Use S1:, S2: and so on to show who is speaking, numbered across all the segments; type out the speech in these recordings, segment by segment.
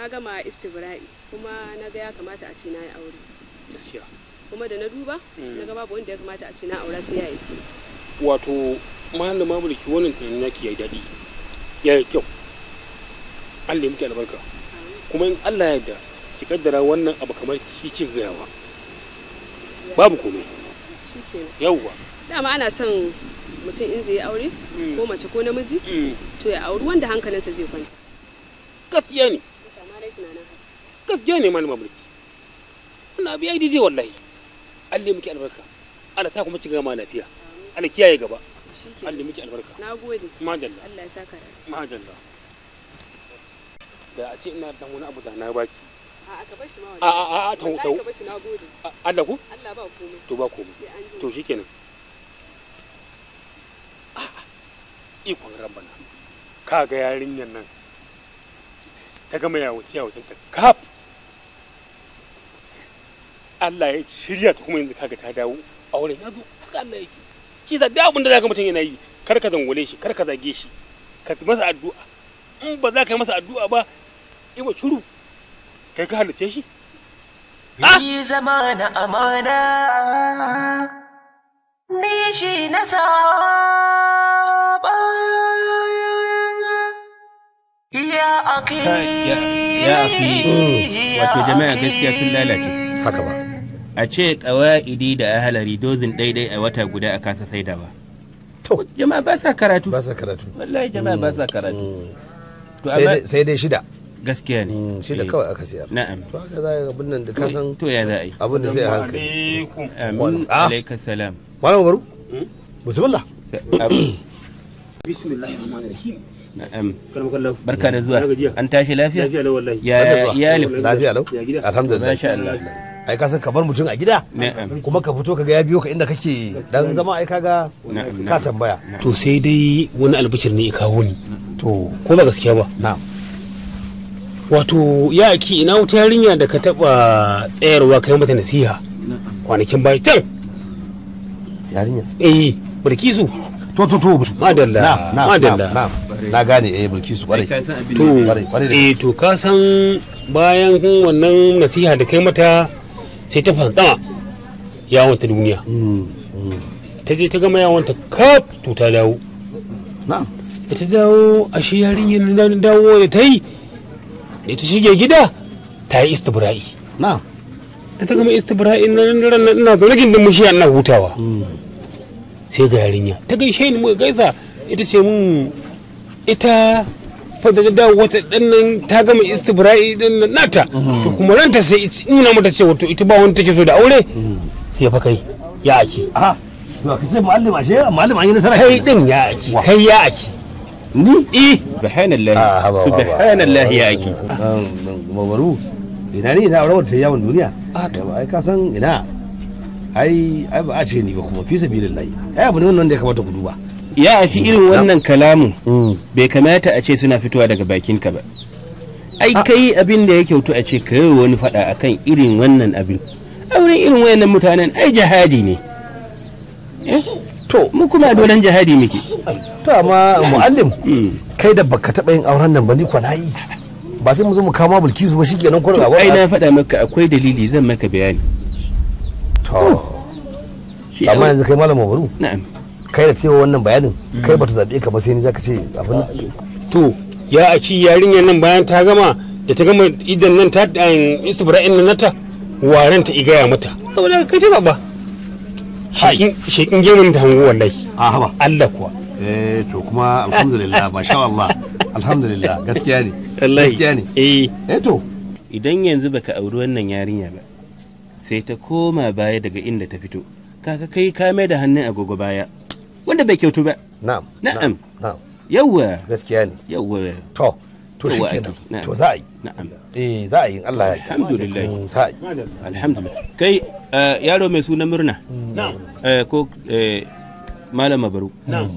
S1: na gama istibra'i kuma na ga ya kamata a ce na yi aure kuma da na duba mm. na gama babu wanda ya kamata a ce na aure sai ya yi wato malama mulki wannan tunanin naki yi daɗi ya yi kyau Allah ya muke albarka kuma in Allah ya yarda ki kaddara wannan abu kamar shi ci gayawa babu komai yauwa dama ana son mutum in zai yi aure mm. ko mace ko namiji mm. to ya auri wanda hankalinsa zai kwanta gaskiya ne gaskiya ne malama mulki ina biya ya wallahi allah miki albarka allah sa kuma ci gama lafiya allah kiyaye gaba allah miki albarka nagode majalla madalla allah ya saka madalla da a ce ina da wani abu da na baki a a a a ta tawo Allah ku? Allah ba komai to ba komai to shikenan ikon rabana ga yarinyan nan ta gama yawuce yawucin ta kaf Allah ya shirya ta kuma yanzu kaga ta dawo auren ya zo haka Allah yake shi sa da abin da zaka mutum yana yi kar ka zangwale shi kar ka zage shi ka masa addu'a in ba za ka yi masa addu'a ba ba shuru kai ka halice shi Ni ah! zama na amana Ni shi na saba Ya aki Ya aki Wato jama'a gaskiya sun lalace Haka ba a ce ƙawa'idi da ahalari dozin daidai a wata guda a kasa saida ba to jama'a ba sa karatu ba sa karatu wallahi jama'a ba sa karatu mm. sai dai shida gaskiya ne mm, shida kawai aka siya na'am to aka zai abin nan da kasan to ya za a yi abin da sai hankali amin ah! alaika salam malam baru hmm? bismillah bismillahir rahmanir barka da zuwa an tashi lafiya ya iyalin lafiya lau alhamdulillah ai ka san ka bar mutum a gida kuma ka fito ga ya biyo ka inda kake dan zama ai kaga ka tambaya to sai dai wani albishir ne ya kawo ni to ko ba gaskiya ba na'am wato ya ki ina wuta yarinya da ka taba tsayarwa kai mata nasiha kwanakin bayan can yarinya eh burkisu to to to madalla madalla na gane eh bilkisu kwarai to eh to ka san bayan wannan nasiha da kai mata sai ta fantsama yawon ta duniya ta je ta gama yawon ta kaf to ta dawo da ta dawo a shi yarinyar da dawo da ta yi da ta shige gida ta yi istibra'i da ta gama istibra'i na ran na ina zaune gindin mushi ana hutawa sai ga yarinya ta gaishe ni mu gaisa ita ce mun ita fa da da wata dan nan ta gama istibra'i din nan nata to kuma ranta sai nuna mata cewa wato ita ba wani take so da aure sai fa kai ya ake a to kace mallam ashe mallam an yi nasara kai din ya ake kai ya ake ni eh subhanallahi ah, subhanallahi ya ake mabaru ina ne ina rawar ta yawon duniya a ah, to ai ka san ina ai ai ba a ce ni ba kuma fi sabilillahi ai abu ne wannan da ya kamata ku duba ya a fi irin wannan kalamu mm. bai kamata a ce suna fitowa daga bakinka ba ai kai abin da ya kyautu a ce ka yi wani fada a kan irin wannan abin auren irin wayannan mutanen ai jihadi ne eh? to mu kuma dolan jihadi muke to amma muallim mm. kai da baka taba yin auren nan ba ni kwana yi ba sai mu zo mu kama bulkisu ba shikenan kwana ba ai na faɗa maka akwai dalili zan maka bayani to amma yanzu kai malam Umaru na'am kai da cewa wannan bayanin mm. kai bata zaɓe ka ba sai ni zaka ce abin to ya a ci yarinyar nan bayan ta gama da ta gama idan nan ta eh, istibra'in nan nata waran ta igaya mata saboda kai ta zaɓa shekin gemun ta hango wallahi a haba Allah kuwa eh to kuma alhamdulillah masha Allah alhamdulillah gaskiya ne gaskiya ne eh. eh to idan yanzu baka auri wannan yarinya ba sai ta koma baya daga inda ta fito kaka kai ka mai da hannun agogo baya wanda bai kyautu ba na'am na'am yawwa gaskiya ne yawwa to to shi kenan to za a yi na'am eh za a yi Allah ya alhamdulillah mm, za a yi alhamdulillah kai eh, yaro mai suna murna mm. na'am eh, ko eh, malama baro na'am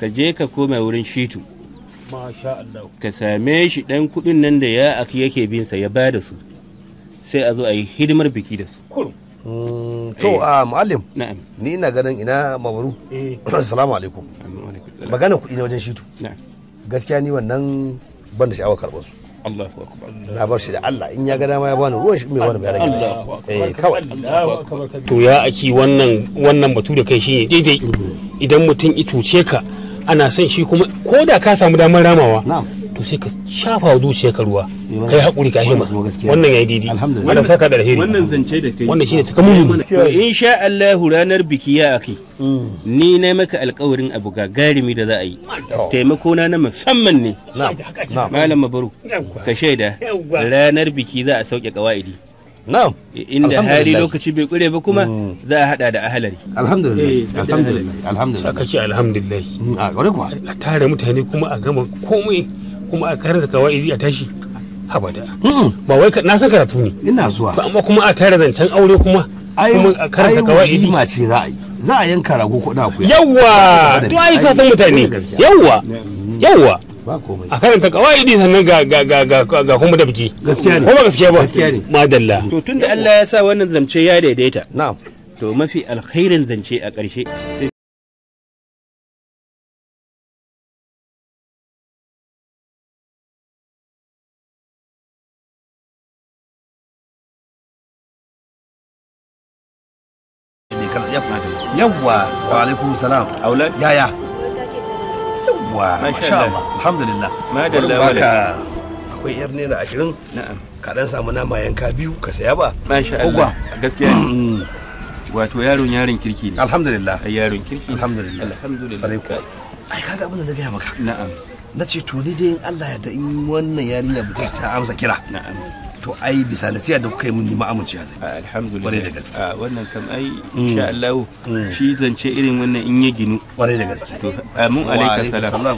S1: ka je ka koma wurin shitu ka same shi dan kudin nan da ya aki yake bin sa ya bada su sai a zo a yi hidimar biki da su mm. to eh. a ah, muallim ni ina ganin ina mabaru eh. assalamu alaikum magana kuɗi na wajen shitu gaskiya ni wannan ban da sha'awar karɓar su na bar shi da Allah in ya ga dama ya bani ruwan shi mai wani bayan gida eh kawai to ya aki wannan wannan batu da kai shine daidai idan mutum ituce ka ana son shi kuma ko da ka samu damar ramawa to sai ka shafa wa ka ruwa kai hakuri ka hima wannan yayi didi wannan saka da alheri wannan zance da kai wannan shine cika mumuni to insha Allah ranar biki ya ake mm. ni na maka alƙawarin abu gagarumi da za a yi taimako na na musamman ne malam mabaru ka shaida ranar biki za a sauke kawaidi na'am inda hali lokaci bai kure ba kuma mm. za a hada eh, da ahalari alhamdulillah alhamdulillah alhamdulillah sakaci mm, alhamdulillah a gare kuwa a tare mutane kuma a gama komai kuma a karanta kawai a tashi habada ba wai na san karatu ne ina zuwa amma kuma a tare zancen aure kuma kuma a karanta kawai idi ma ce za a yi za a yanka rago kuɗa ku yawa to ai ka san mutane yawwa yawwa a karanta idi sannan ga ga ga ga ga kuma da biki gaskiya ne ko ba gaskiya ba gaskiya ne madalla to tunda Allah ya sa wannan zance ya daidaita na'am to mafi alkhairin zance a ƙarshe ya ya wa alaikum salam aulad yaya yawwa masha Allah alhamdulillah madalla baka akwai yar naira ashirin na'am ka dan samu nama yanka biyu ka saya ba masha Allah gaskiya mm. wato yaron yaron kirki ne alhamdulillah yaron kirki alhamdulillah alhamdulillah ai kaga abin da na gaya maka na'am na ce to ni dai in Allah ya da in wannan yarinya bukaci ta amsa kira na'am to ai bisa nasiha da kuka yi mun nima amince zai ah, alhamdulillah da gaske ah, wannan kam ai mm. insha Allah mm. shi ce irin wannan in ya ginu kware da gaske to amin ah, alaika salam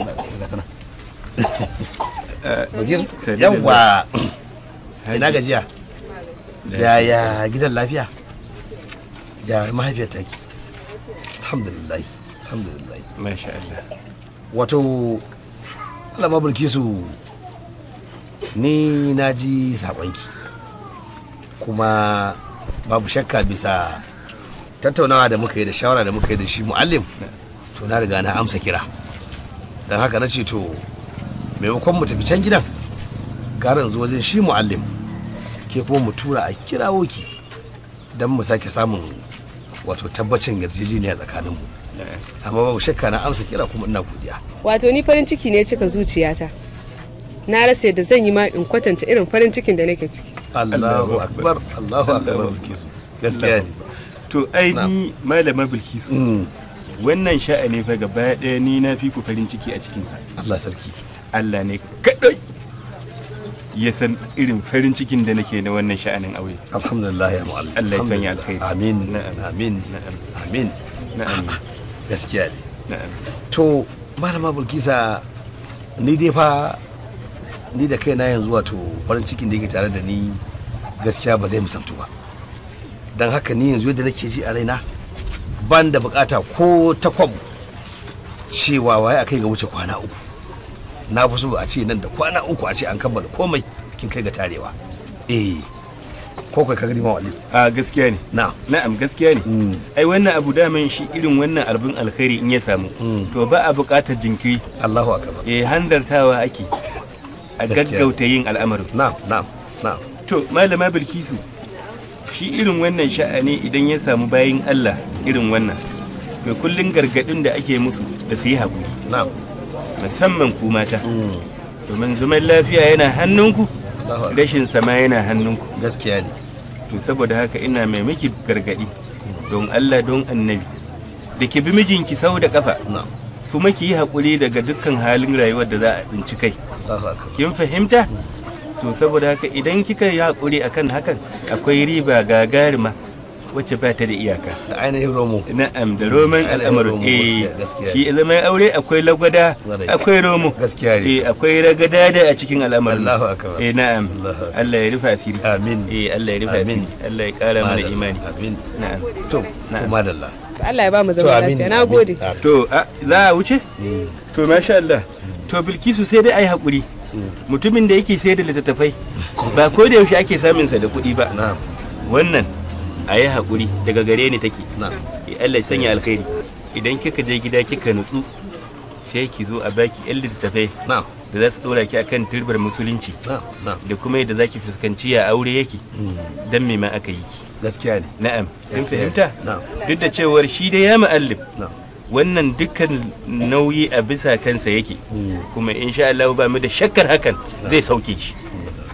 S1: yawa ina gajiya ya gidan lafiya ya mahaifiyar taki alhamdulillah alhamdulillah masha Allah wato Allah babulki su ni na ji saƙonki kuma babu shakka bisa tattaunawa da muka yi da shawara da muka yi da shi mu'allim to na riga na amsa kira don haka na ce to maimakon mu tafi can gidan garin zuwa wajen shi mu'allim ke kuma mu tura a kirawo ki don mu sake samun wato tabbacin yarjejeniya tsakaninmu eh. amma babu shakka na amsa kira kuma ina godiya wato ni farin ciki ne cika zuciyata na rasa yadda zan yi ma in kwatanta irin farin cikin da nake ciki Allahu akbar Allahu akbar Bilkisu gaskiya ne to ai ni malama Bilkisu mm. wannan sha'ani fa gaba ɗaya ni na fi ku farin ciki a cikin sa Allah sarki Allah ne kadai ya san irin farin cikin da nake na wannan sha'anin aure alhamdulillah ya mu'allim Allah ya sanya alkhairi amin amin amin ah, ah. gaskiya ne to malama Bilkisa ni dai fa ni da kaina yanzu wato farin cikin da yake tare da ni gaskiya ba zai misaltu ba don haka ni yanzu yadda nake ji a raina ban da bukata ko ta kwam cewa waye a kai ga wuce kwana uku na fi so a ce nan da kwana uku a ce an kammala komai kin kai ga tarewa eh ko kai kaga ma wali a gaskiya ne na na'am gaskiya ne mm. ai wannan abu da man shi irin wannan albin alkhairi in ya samu mm. to ba a bukatar jinkiri Allahu akbar eh handartawa ake a gaggauta yin al'amarin na'am na'am na'am to malama bilkisu shi irin wannan sha'ani idan ya samu bayin Allah irin wannan to kullum gargadin da ake musu da su yi hakuri na'am musamman ku mata mm. domin zaman lafiya yana hannunku rashin sama yana hannunku gaskiya ne to saboda haka ina mai miki gargadi don Allah don annabi da ki bi mijinki sau da kafa kuma ki yi haƙuri daga dukkan halin rayuwar da za a tsinci kai kin fahimta to saboda haka idan kika yi hakuri akan hakan akwai riba gagarima wacce ba ta da iyaka da ainihin romo na'am da roman al'amuru eh shi ilimin aure akwai lagwada akwai romo gaskiya ne eh akwai ragada da a cikin al'amuru Allahu akbar eh na'am Allah ya rufa asiri amin eh Allah ya rufa asiri Allah ya kara mana imani amin na'am to kuma madalla Allah ya ba mu zama lafiya nagode to za a wuce hmm. to masha Allah to bilkisu sai dai a yi haƙuri mutumin da yake sai da littattafai ba ko da yaushe ake samun sa da kuɗi ba wannan a yi haƙuri daga gare ni take Allah sanya alkhairi idan kika je gida kika nutsu sai ki zo a baki yan littattafai da za su ɗora ki akan turbar musulunci da kuma yadda za ki fuskanci ya aure yake hmm. don me ma aka yi ki gaskiya ne na'am kin fahimta duk da cewar shi dai ya mu'allif wannan dukkan nauyi a bisa kansa yake kuma insha Allah ba mu da shakkar hakan zai sauke shi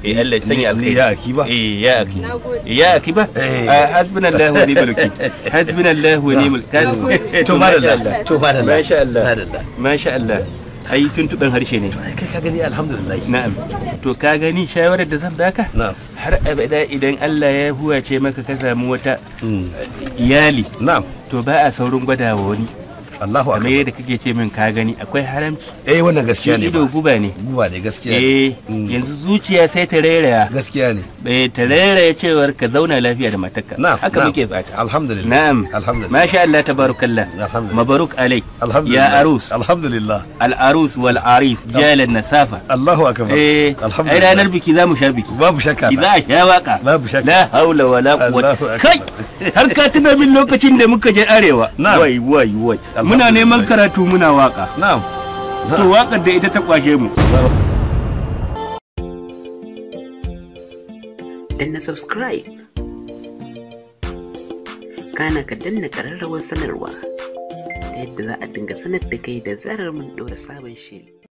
S1: eh Allah ya sanya alkhairi ya ba eh ya aki ya akiba eh. ah, hasbunallahu wa ni'mal wakeel hasbunallahu wa ni'mal to madalla to madalla masha Allah masha Allah ai tuntuɓen harshe ne kai ka gani alhamdulillah na'am to ka gani shawarar da zan baka na'am har abada idan Allah ya huwace maka ka samu wata mm. iyali na'am to ba a saurin gwadawa wani Allahu akbar kamar yadda kake ce min ka gani akwai haramci eh wannan gaskiya ne ido guba ne guba ne gaskiya eh mm. yanzu zuciya sai ta rairaya gaskiya ne eh ta rairaya cewar ka zauna lafiya da matarka haka muke fata alhamdulillah na'am alhamdulillah masha Allah tabarakallah mabaruk alai ya arus alhamdulillah al arus wal aris jalan nasafa Allahu akbar eh alhamdulillah ai ranar biki zamu sha biki babu shakka idan a sha waka babu shakka la haula wala quwwata kai har ka tuna min lokacin da muka je arewa wai wai wai muna neman karatu muna waka na'am to wakar da ita ta kwashe mu danna subscribe kana ka danna kararrawar sanarwa ta yadda za a dinga sanar da kai da zarar mun ɗora sabon shiri